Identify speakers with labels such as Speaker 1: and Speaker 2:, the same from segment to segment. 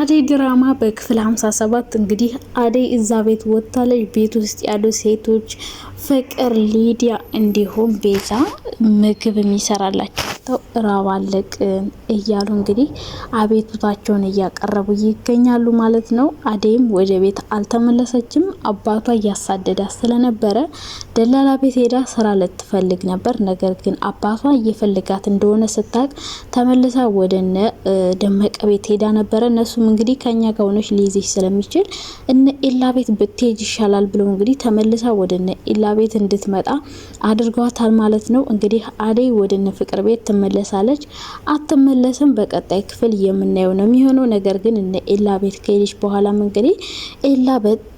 Speaker 1: አደይ ድራማ በክፍል 57 እንግዲህ አደይ እዛ ቤት ወታለች። ቤት ውስጥ ያሉ ሴቶች ፍቅር፣ ሊዲያ እንዲሁም ቤዛ ምግብ የሚሰራላቸው መጥተው እራብ አለቅን እያሉ እንግዲህ አቤቱታቸውን እያቀረቡ ይገኛሉ ማለት ነው። አደይም ወደ ቤት አልተመለሰችም። አባቷ እያሳደዳ ስለነበረ ደላላ ቤት ሄዳ ስራ ልትፈልግ ነበር። ነገር ግን አባቷ እየፈልጋት እንደሆነ ስታቅ ተመልሳ ወደ እነ ደመቀ ቤት ሄዳ ነበረ። እነሱም እንግዲህ ከኛ ጋር ሆነች ሊይዝሽ ስለሚችል እነ ኤላ ቤት ብትሄጅ ይሻላል ብለው እንግዲህ ተመልሳ ወደ እነ ኤላ ቤት እንድትመጣ አድርገዋታል ማለት ነው። እንግዲህ አደይ ወደ እነ ፍቅር ቤት ትመለሳለች አትመለስም፣ በቀጣይ ክፍል የምናየው ነው የሚሆነው። ነገር ግን እነ ኤላ ቤት ከሄደች በኋላም እንግዲህ ኤላ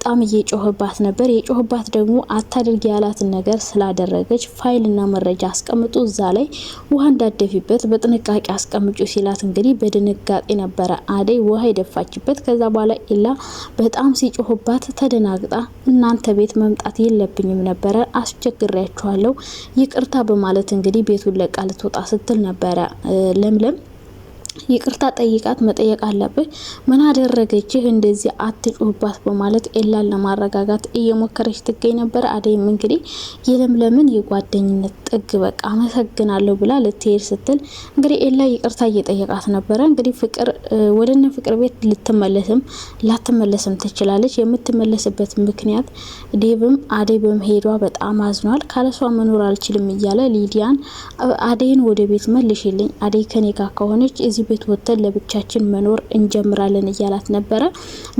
Speaker 1: በጣም እየጮህባት ነበር። የጮህባት ደግሞ አታድርግ ያላትን ነገር ስላደረገች ፋይልና መረጃ አስቀምጡ፣ እዛ ላይ ውሃ እንዳደፊበት በጥንቃቄ አስቀምጩ ሲላት እንግዲህ በድንጋጤ ነበረ አደይ ውሃ የደፋችበት። ከዛ በኋላ ኢላ በጣም ሲጮህባት ተደናግጣ እናንተ ቤት መምጣት የለብኝም ነበረ፣ አስቸግሬያችኋለሁ፣ ይቅርታ በማለት እንግዲህ ቤቱን ለቃ ልትወጣ ስትል ነበረ ለምለም ይቅርታ ጠይቃት መጠየቅ አለብህ። ምን አደረገችህ? እንደዚህ አትጩህባት በማለት ኤላን ለማረጋጋት እየሞከረች ትገኝ ነበር። አደይም እንግዲህ የለምለምን የጓደኝነት ጥግ በቃ አመሰግናለሁ ብላ ልትሄድ ስትል እንግዲህ ኤላ ይቅርታ እየጠየቃት ነበረ። እንግዲህ ፍቅር ወደነ ፍቅር ቤት ልትመለስም ላትመለስም ትችላለች። የምትመለስበት ምክንያት ዴብም አደይ በመሄዷ በጣም አዝኗል። ካለሷ መኖር አልችልም እያለ ሊዲያን አደይን ወደ ቤት መልሽልኝ፣ አደይ ከኔ ጋር ከሆነች እዚህ ቤት ወጥተን ለብቻችን መኖር እንጀምራለን እያላት ነበረ።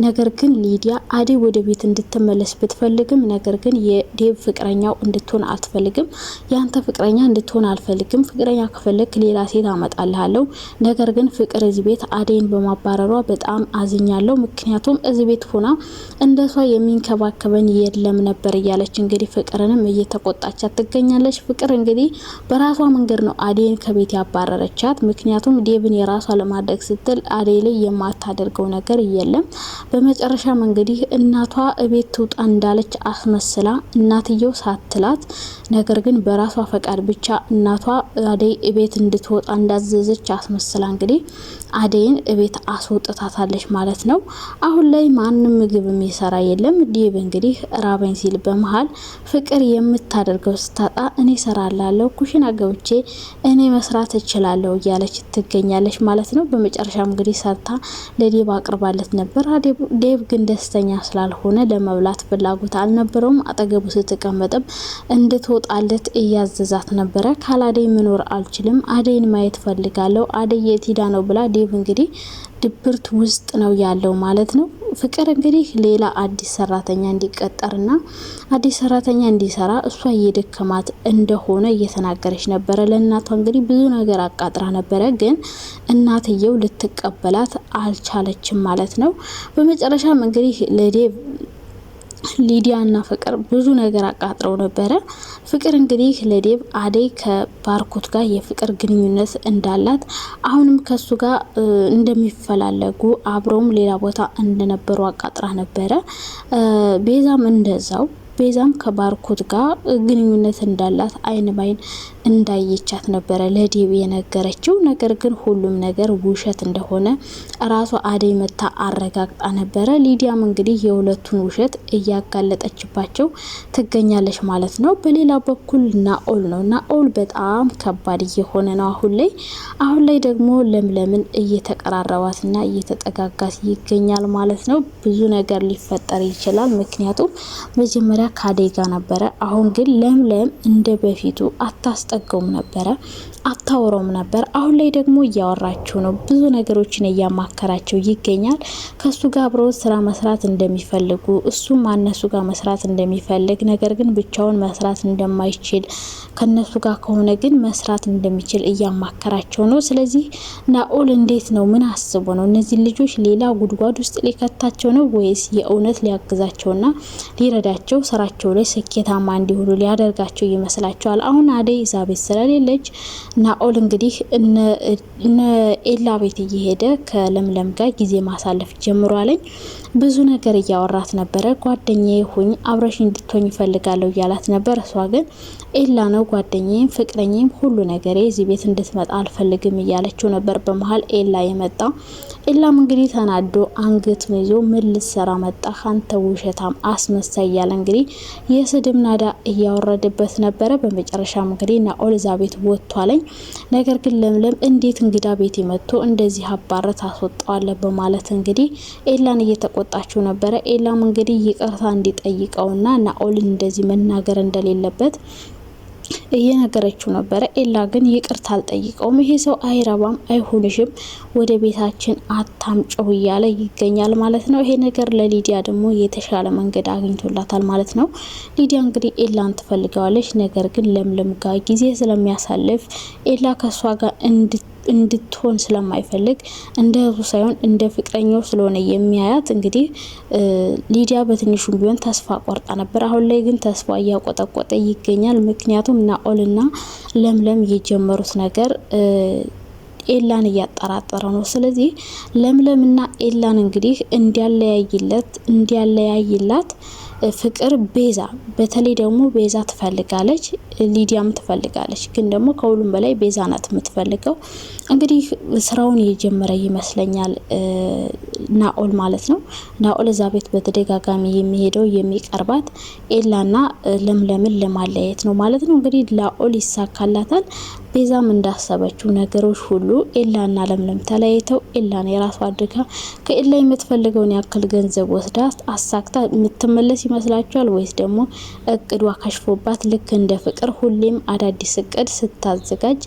Speaker 1: ነገር ግን ሊዲያ አደይ ወደ ቤት እንድትመለስ ብትፈልግም፣ ነገር ግን የዴቭ ፍቅረኛው እንድትሆን አትፈልግም። ያንተ ፍቅረኛ እንድትሆን አልፈልግም። ፍቅረኛ ከፈለግ ሌላ ሴት አመጣልሃለሁ። ነገር ግን ፍቅር እዚህ ቤት አዴን በማባረሯ በጣም አዝኛለሁ። ምክንያቱም እዚህ ቤት ሆና እንደሷ የሚንከባከበን የለም ነበር እያለች እንግዲህ ፍቅርንም እየተቆጣች ትገኛለች። ፍቅር እንግዲህ በራሷ መንገድ ነው አዴን ከቤት ያባረረቻት። ምክንያቱም ዴቭን ራሷ ለማድረግ ስትል አደይ ላይ የማታደርገው ነገር የለም። በመጨረሻም እንግዲህ እናቷ እቤት ትውጣ እንዳለች አስመስላ እናትየው ሳትላት፣ ነገር ግን በራሷ ፈቃድ ብቻ እናቷ አደይ እቤት እንድትወጣ እንዳዘዘች አስመስላ እንግዲህ አደይን እቤት አስወጥታታለች ማለት ነው። አሁን ላይ ማንም ምግብ የሚሰራ የለም። ዲብ እንግዲህ ራበኝ ሲል በመሀል ፍቅር የምታደርገው ስታጣ እኔ ሰራላለሁ፣ ኩሽና ገብቼ እኔ መስራት እችላለሁ እያለች ትገኛለች ማለት ነው። በመጨረሻም እንግዲህ ሰርታ ለዴብ አቅርባለት ነበር። ዴብ ግን ደስተኛ ስላልሆነ ለመብላት ፍላጎት አልነበረውም። አጠገቡ ስትቀመጥም እንድትወጣለት እያዘዛት ነበረ። ካላደይ መኖር አልችልም፣ አደይን ማየት ፈልጋለሁ፣ አደይ የት ሄዳ ነው ብላ ዴብ እንግዲህ ድብርት ውስጥ ነው ያለው ማለት ነው። ፍቅር እንግዲህ ሌላ አዲስ ሰራተኛ እንዲቀጠርና አዲስ ሰራተኛ እንዲሰራ እሷ እየደከማት እንደሆነ እየተናገረች ነበረ። ለእናቷ እንግዲህ ብዙ ነገር አቃጥራ ነበረ፣ ግን እናትየው ልትቀበላት አልቻለችም ማለት ነው። በመጨረሻም እንግዲህ ለዴቭ ሊዲያ እና ፍቅር ብዙ ነገር አቃጥረው ነበረ። ፍቅር እንግዲህ ለዴብ አደይ ከባርኮት ጋር የፍቅር ግንኙነት እንዳላት አሁንም ከሱ ጋር እንደሚፈላለጉ አብረውም ሌላ ቦታ እንደነበሩ አቃጥራ ነበረ። ቤዛም እንደዛው ቤዛም ከባርኮት ጋር ግንኙነት እንዳላት አይን ባይን እንዳየቻት ነበረ ለዴብ የነገረችው። ነገር ግን ሁሉም ነገር ውሸት እንደሆነ ራሷ አደይ መታ አረጋግጣ ነበረ። ሊዲያም እንግዲህ የሁለቱን ውሸት እያጋለጠችባቸው ትገኛለች ማለት ነው። በሌላ በኩል ናኦል ነው። ናኦል በጣም ከባድ እየሆነ ነው አሁን ላይ። አሁን ላይ ደግሞ ለምለምን እየተቀራረባትና እየተጠጋጋት ይገኛል ማለት ነው። ብዙ ነገር ሊፈጠር ይችላል። ምክንያቱም መጀመሪያ ከአደይ ጋር ነበረ። አሁን ግን ለምለም እንደ በፊቱ አታስጠገውም ነበረ። አታውረውም ነበር። አሁን ላይ ደግሞ እያወራችው ነው። ብዙ ነገሮችን እያማከራቸው ይገኛል። ከሱ ጋር አብረው ስራ መስራት እንደሚፈልጉ እሱም አነሱ ጋር መስራት እንደሚፈልግ ነገር ግን ብቻውን መስራት እንደማይችል ከነሱ ጋር ከሆነ ግን መስራት እንደሚችል እያማከራቸው ነው። ስለዚህ ናኦል እንዴት ነው? ምን አስቦ ነው? እነዚህ ልጆች ሌላ ጉድጓድ ውስጥ ሊከታቸው ነው ወይስ የእውነት ሊያግዛቸውና ሊረዳቸው ስራቸው ላይ ስኬታማ እንዲሆኑ ሊያደርጋቸው ይመስላቸዋል? አሁን አደይ እዛ ስለሌለች ናኦል እንግዲህ እነ ኤላ ቤት እየሄደ ከለምለም ጋር ጊዜ ማሳለፍ ጀምሯለኝ። ብዙ ነገር እያወራት ነበረ። ጓደኛዬ ሁኝ፣ አብረሽ እንድትሆኝ ይፈልጋለሁ እያላት ነበር። እሷ ግን ኤላ ነው ጓደኛዬም፣ ፍቅረኛም፣ ሁሉ ነገሬ እዚህ ቤት እንድትመጣ አልፈልግም እያለችው ነበር። በመሀል ኤላ የመጣ ኤላም እንግዲህ ተናዶ አንገቱን ይዞ ምን ልትሰራ መጣ አንተ ውሸታም አስመሳይ እያለ እንግዲህ የስድብ ናዳ እያወረደበት ነበረ። በመጨረሻም እንግዲህ ናኦል እዛ ቤት ወጥቷለኝ። ነገር ግን ለምለም እንዴት እንግዳ ቤት መጥቶ እንደዚህ አባረ ታስወጣዋለህ በማለት እንግዲህ ኤላን እየተቆጣችው ነበረ። ኤላም እንግዲህ ይቅርታ እንዲጠይቀውና ናኦልን እንደዚህ መናገር እንደሌለበት እየነገረችው ነበረ። ኤላ ግን ይቅርታ አልጠይቀውም። ይሄ ሰው አይረባም፣ አይሁንሽም፣ ወደ ቤታችን አታምጨው እያለ ይገኛል ማለት ነው። ይሄ ነገር ለሊዲያ ደግሞ የተሻለ መንገድ አግኝቶላታል ማለት ነው። ሊዲያ እንግዲህ ኤላን ትፈልገዋለች። ነገር ግን ለምለም ጋር ጊዜ ስለሚያሳልፍ ኤላ ከእሷ ጋር እንድት እንድትሆን ስለማይፈልግ እንደ እህቱ ሳይሆን እንደ ፍቅረኛው ስለሆነ የሚያያት እንግዲህ ሊዲያ በትንሹም ቢሆን ተስፋ ቆርጣ ነበር። አሁን ላይ ግን ተስፋ እያቆጠቆጠ ይገኛል። ምክንያቱም ናኦልና ለምለም የጀመሩት ነገር ኤላን እያጠራጠረ ነው። ስለዚህ ለምለምና ኤላን እንግዲህ እንዲያለያይለት እንዲያለያይላት ፍቅር ቤዛ በተለይ ደግሞ ቤዛ ትፈልጋለች፣ ሊዲያም ትፈልጋለች። ግን ደግሞ ከሁሉም በላይ ቤዛ ናት የምትፈልገው። እንግዲህ ስራውን የጀመረ ይመስለኛል ናኦል ማለት ነው። ናኦል እዛ ቤት በተደጋጋሚ የሚሄደው የሚቀርባት ኤላና ለምለምን ለማለያየት ነው ማለት ነው። እንግዲህ ናኦል ይሳካላታል። ቤዛም እንዳሰበችው ነገሮች ሁሉ ኤላና ለምለም ተለያይተው ኤላን የራሷ አድርጋ ከኤላ የምትፈልገውን ያክል ገንዘብ ወስዳ አሳክታ የምትመለስ ይመስላችኋል? ወይስ ደግሞ እቅዷ ከሽፎባት ልክ እንደ ፍቅር ሁሌም አዳዲስ እቅድ ስታዘጋጅ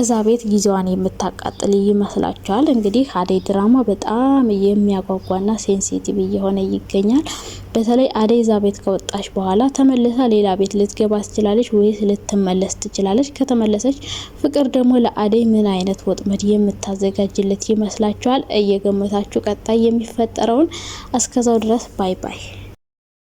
Speaker 1: እዛ ቤት ጊዜዋን የምታቃጥል ይመስላችኋል? እንግዲህ አደይ ድራማ በጣም የሚያጓጓና ሴንሲቲቭ እየሆነ ይገኛል። በተለይ አደይ ዛ ቤት ከወጣች በኋላ ተመልሳ ሌላ ቤት ልትገባ ትችላለች ወይስ ልትመለስ ትችላለች? ከተመለሰች ፍቅር ደግሞ ለአደይ ምን አይነት ወጥመድ የምታዘጋጅለት ይመስላችኋል? እየገመታችሁ ቀጣይ የሚፈጠረውን። እስከዛው ድረስ ባይ ባይ።